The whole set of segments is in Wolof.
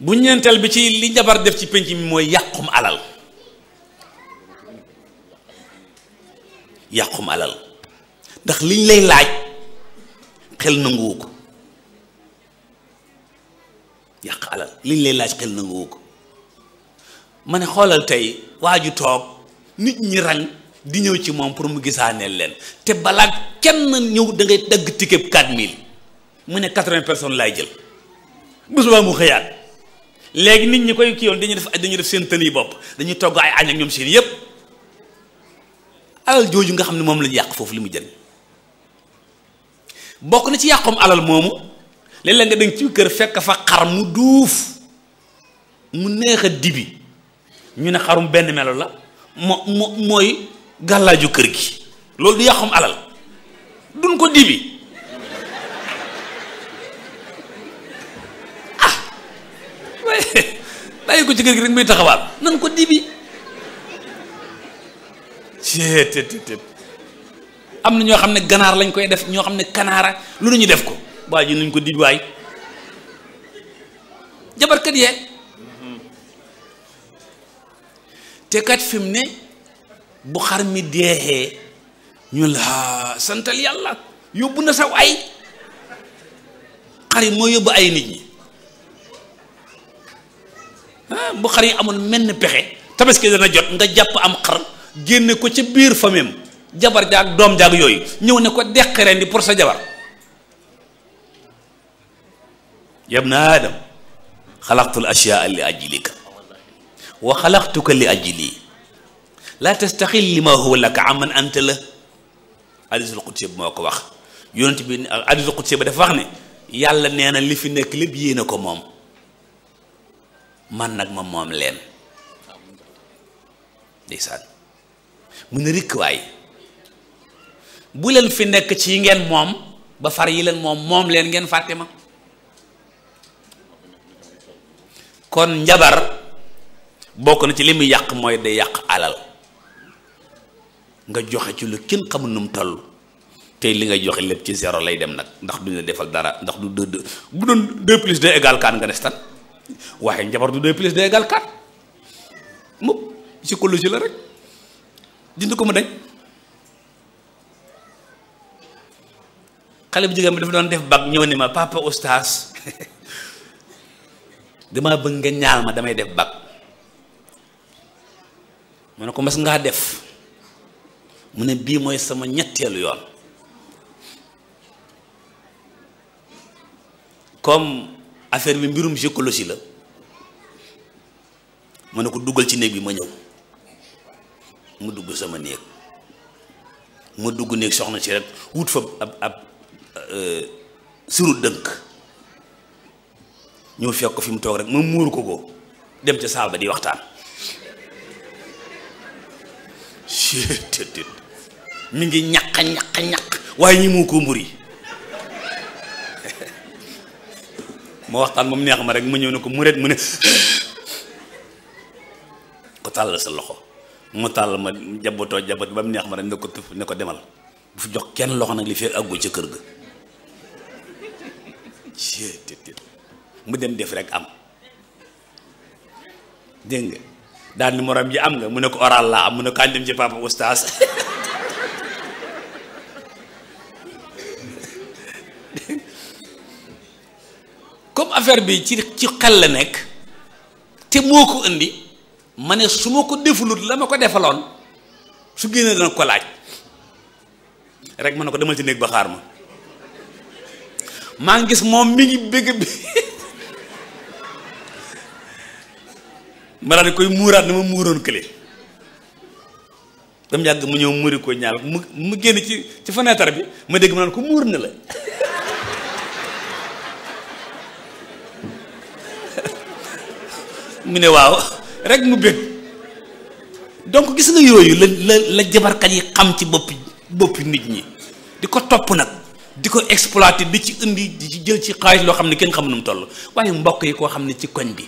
bu ñeenteel bi ci li njabar def ci pénc mi mooy yàqum alal yàqum alal ndax liñ lay laaj xel nanguwu ko yàq alal liñ lay laaj xel nanguwu ko ma ne xoolal tey waa ju toog nit ñi rang di ñëw ci moom pour mu gisaaneel leen te balaa kenn ñëw da ngay dagg ticket 4000 mu ne 80 personnes laay jël bu subaa mu xëyaat. léegi nit ñi koy kiiwoon dañuy def dañuy def seen tën yi bopp dañu togg ay añ ak ñoom seen yëpp alal jooju nga xam ne moom la yàq foofu li mu jëriñ bokk na ci yàqum alal moomu léeg-léeg nga dégg ci kër fekk fa xar mu duuf mu neex a dibi ñu ne xarum benn melo la mo mooy gàllaaju kër gi loolu du yàqum alal duñ ko dibi. bàyyi ko ci kër gi rek muy taxawaal nan ko dibi ceet ceet am na ñoo xam ne ganaar lañ koy def ñoo xam ne kanaara lu nañu def ko waa ji nuñ ko dibi waay jabarkat yee te kat fi ne bu xar mi deexee ñu la santal yàlla yóbbu na saw ay xar yi yóbbu ay nit ñi بخار يامون من بخي تابسكي دا جوت دا جاب ام خر ген كو بير فاميم جبار جاك دوم جاك يوي نيو نكو ديكرين دي بور سا يا ابن ادم خلقت الاشياء اللي أجيلك وخلقتك اللي أجيلي لا تستخل لما هو لك عمن انت له حديث القدس مكو واخ يونت بي حديث القدس دا فخني يالا نانا لي في نيك ليب يينا man nag ma moom leen ndeysaan mu ne rikk waay bu leen fi nekk ci yi ngeen moom ba far yi leen moom moom leen ngeen fàtte ma kon njabar bokk na ci li muy yàq mooy day yàq alal nga joxe ci lu kenn xamul nu mu toll tey li nga joxe lépp ci zéro lay dem nag ndax duñ la defal dara ndax du deux bu doon deux plus deux égal quatre nga des tan waxe njabar du 2 plus 2 égal 4 mukk psychologie la rek dindu ko mu dañ xale bu jigéen bi dafa def bag ñew ni ma papa oustaz dama bëgg nga ñaal ma damay def bag mu ne ko mas nga def mu ne bii sama ñettel yoon comme affaire bi mbirum géologie la ma ne ko duggal ci néeg bi ma ñëw mu dugg sama néeg ma dugg néeg soxna si rek wut fa ab ab euh, suru dënk ñëw fekk ko fi mu toog rek ma muur ko ko dem ca saal ba di waxtaan mi ngi ñaq ñaq ñaq waaye ñi moo ko mburi ma waxtaan mu neex ma rek ma ñëw ne ko muret mu ne ko tàllal sa loxo mu tàll ma jabatoo jabat ba mu neex ma rek ne ko tuf ne ko demal bu fi jox kenn loxo nag li fekk àggu ca kër ga mu dem def rek am dégg nga daal ni morom am nga mu ne ko oral laa am mu ne ko ànd dem ci papa oustaz affaire bi ci ci xel la nekk te moo ko indi ma ne su ma ko defulut la ma ko defaloon su génnee dana ko laaj rek ma ne ko demal ci néeg ba xaar ma maa ngi gis moom mi ngi bëgg bi ma daal di koy muuraat dama ma muuroon kële dam yàgg mu ñëw muuri ko ñaal mu mu génn ci ci fenêtre bi ma dégg ma naan ko muur na la mu ne waaw rek mu bëgg donc gis nga yooyu la la la jabarkat yi xam ci boppi boppi nit ñi di ko topp nag di ko exploité bi ci indi di ci jël ci xaalis loo xam ne kenn xamu nu toll waaye mbokk yi koo xam ne ci koñ bi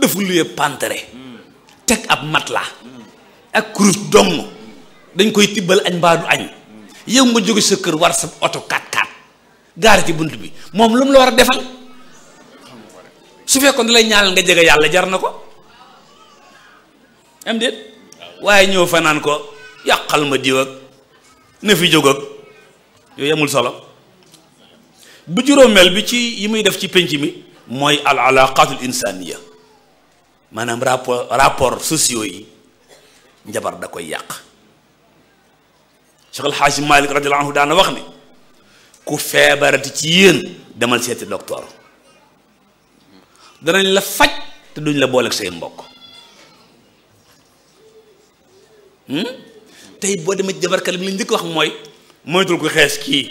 dafa luye pantere teg ab matelas ak kurus dong dañ koy tibbal añ mbaa du añ yow nga jóge sa kër war sa oto 4x4 ci bunt bi moom lu mu la war a defal su fekkoon du lay ñaanal nga jege yàlla jar na ko am déet waaye ñëw fanaan ko yàqal ma diw ak na fi jóg ak yooyu amul solo bu juróomeel bi ci yi muy def ci pénc mi mooy al alaqatul insaniya maanaam rapport rapport sociaux yi njabar da koy yàq Cheikh El Hadj Malick radiyallahu anhu daana wax ne ku feebarati ci yéen demal seeti docteur danañ la faj te duñ la booleeg say mbokk hmm? tey boo demee jabarkale bi li njëkk wax mooy moytul ko xees kii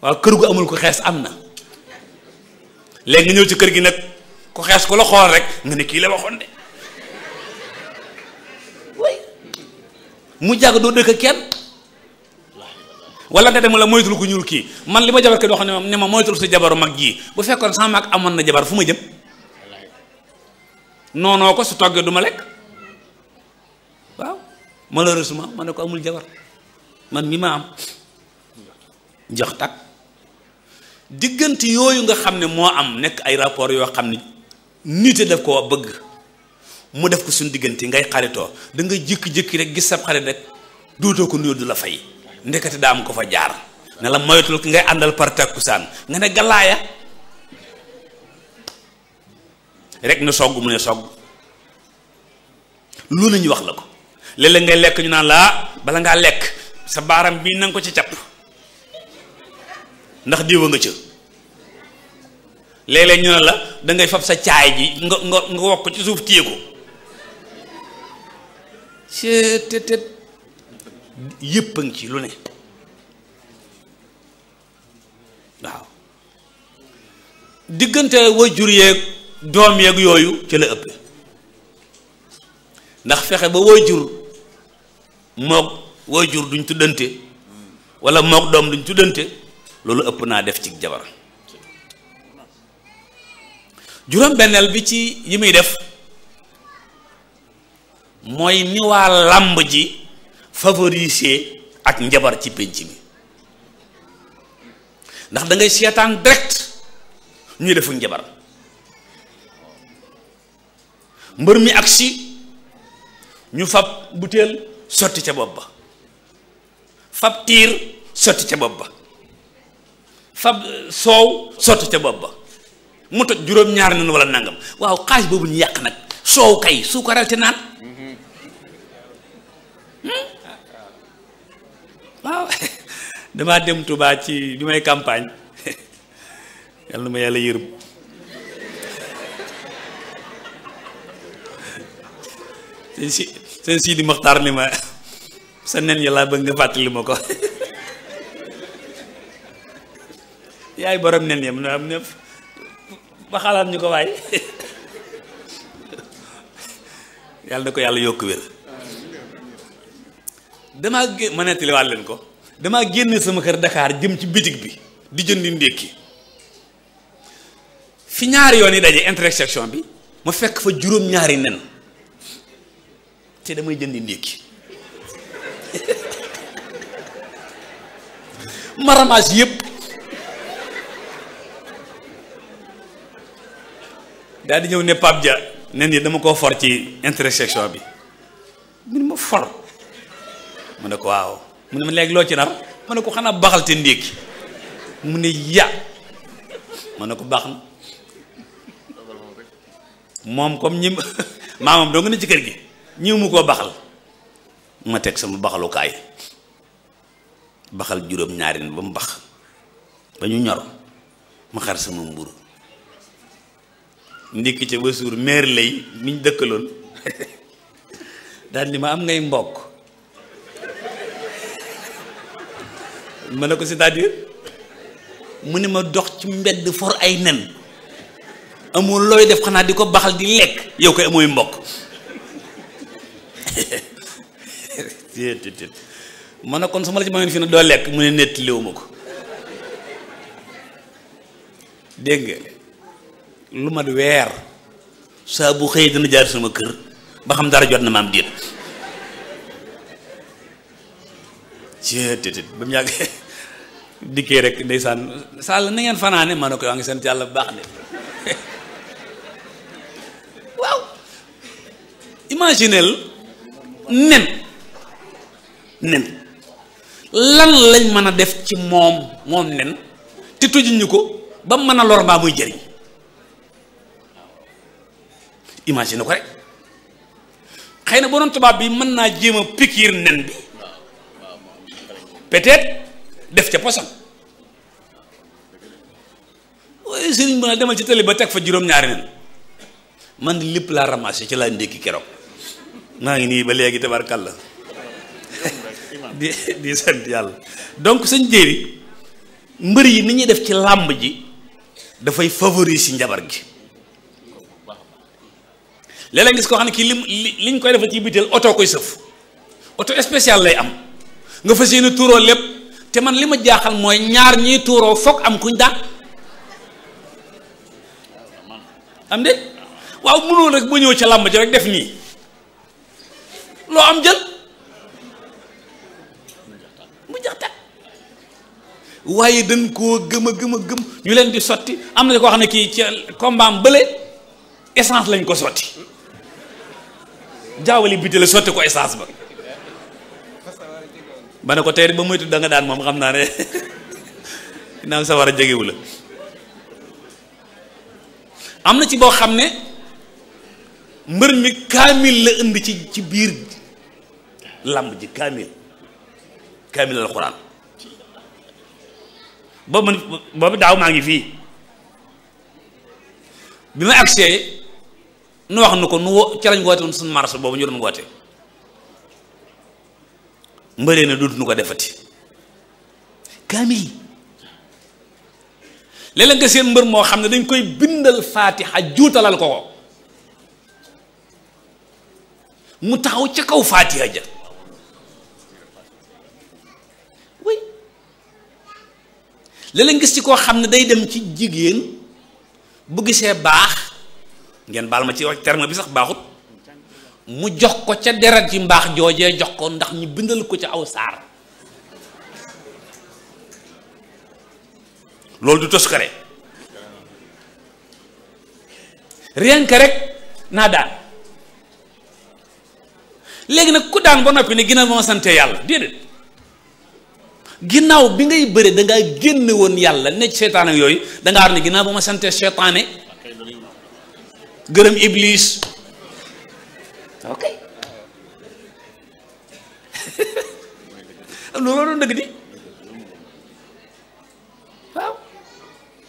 waaw kër gu amul ko xees am na léegi nga ñëw ci kër gi nag xees ku la rek nga ne kii la waxoon de way mu jàgg doo dëkk kenn wala nga dem la moytul ku ñuul kii man li ma jabar ko doo xam ne ma ne ma moytul sa jabaru mag jii bu fekkoon sama mag amoon na jabar fu ma jëm noonoo ko su toggee duma ma lekk waaw malheureusement ma ne ko amul jabar man mi ma am jox takk diggante yooyu nga xam ne moo am nekk ay rapport yoo xam ne nite def ko bëgg mu def ko suñu diggante ngay xaritoo da nga jékki-jékki rek gis sab xarit rek dootoo ko nuyoo du la fay ndekete daa am ko fa jaar ne la moytul ki ngay àndal par takkusaan nga ne galaaya rek na soog mu ne sogg lu la ñu wax la ko léeg ngay lekk ñu naan laa bala ngaa lekk sa baaram bii na ko ci capp ndax diwa nga ca léeg ñu ne la dangay fab sa caay ji nga nga nga wokk ci suuf téye ko seetetet yëpp a ngi ci lu ne waaw diggante wajur yeeg doom yeeg yooyu ci la ëpp ndax fexe ba waajur moog waajur duñ tuddante walla moog doom duñ tuddante loolu ëpp naa def cig jabar juróom-benneel bi ci yi muy def mooy ni waa làmb ji favoriser ak njabar ci pénc mi ndax dangay ngay seetaan direct ñuy defu njabar mbeur mi agsi ñu fab butel soti ci bobba fab tir sotti ca bopp fab euh, soow sotti ca bopp mu tok juróom-ñaar nan wala nangam waaw xaj bobu ñu yak nak sow kay suukaral ci naan mm-hmm. hmm? waaw dama dem Touba ci bi may campagne yalla ma yalla sëñ si sëñ Sidi Moxtaar ni ma sa nen yi laa nga fàttali ma ko yaay borom nen yam am ne ba xalaat ñu ko waay yàlla na ko yàlla yokk wér damaa leen ko damaa génn sama kër Dakar jëm ci bitig bi di jëndi ndékki fi ñaari yoon yi daje intersection bi ma fekk fa juróom ñaari nen te damay jëndi ndékki maramaas yépp daldi di ñëw ne Pape Dia ne dama koo for ci intersection bi mu ma for mu ne ko waaw mu ne ma léegi loo ci nar ma ne ko xanaa baxal te ndékki mu ne ya ma ne ko baax na moom comme ñi maamam doo nga ne ci kër gi ñëw mu koo baxal ma teg sama baxalukaay baxal juróom ñaarin ba mu bax ba ñu ñor ma xar sama mburu ndikk ca ba suur meer lay mi ñu dëkkaloon daal ma am ngay mbokk ma ne ko cest à mu ne ma dox ci mbedd for ay nen amul looy def xanaa di ko baxal di lekk yow koy amooy mbokk Mana déet man kon sama la ci mayoon fii ne doo lekk mu ne nettaliwu ma ko lu mat wer sa bu xey dina jaar sama keur ba xam dara jot na mam déet déet déet bam yag diké rek ndeysaan sal na ngeen fanaane ma ko yaa ngi sant yàlla imaginel nen nen lan lañ mën a def ci moom moom nen te tujuñ ñu ko ba mën a lor mbaa muy jëriñ imagine ko rek xëy na boo doon tubaab bi mën naa jéem a pikiir nen bi peut-être def ca poson waaye sëriñ bi nag demal ci télé ba teg fa juróom-ñaari nen man lépp laa ramassé ci laa ndékki keroo maa ngi nii ba léegi tabarkàlla di di sant yàlla donc sëñ jéeri mbër yi ni ñuy def ci làmb ji dafay favoriser njabar gi léeg-léeg gis koo xam ne kii lim liñ koy defal ci biteel oto koy sëf oto spécial lay am nga fas yéene tuuroo lépp te man li ma jaaxal mooy ñaar ñiy tuuroo foog am kuñ daan am de waaw mënoo rek ba ñëw làmb ji rek def nii loo am jël waaye dañ koo gëm a gëm a gëm ñu leen di sotti am na koo xam ne kii ci kombaam bële essence lañ ko sotti jaawali biti la sotti ko essence ba ba ne ko tey ba moytu da nga daan moom xam naa ne naam sa war a jegewu la am na ci boo xam ne mbër mi kaamil la indi ci ci biir làmb ji kaamil kaamil alxuraan boobu man boobu daaw maa ngi fii bi ma agsee nu wax nu ko nu wo ca lañ woote woon suñu marché boobu ñu doon woote mbëree na dut nu ko defati kaamil léeg-léeg nga seen mbër moo xam ne dañ koy bindal faatiha juutalal ko ko mu taxaw ca kaw faatiha ja léeg-léeg gis ci koo xam ne day dem ci jigéen bu gisee baax ngeen baal ma ci terme bi sax baaxut mu jox ko ca deret yi mbaax joojee jox ko ndax ñu bindal ko ca aw saar loolu du toskare rien que rek naa daan léegi nag ku daan ba noppi ne ginnaaw ma ma sante yàlla déedéet ginnaaw bi ngay bëre da ngaa génn woon yàlla ne seytaane yooyu da ngaa war ne ginnaaw ba ma sante seytaane gërëm iblis ok loolu doon dëgg di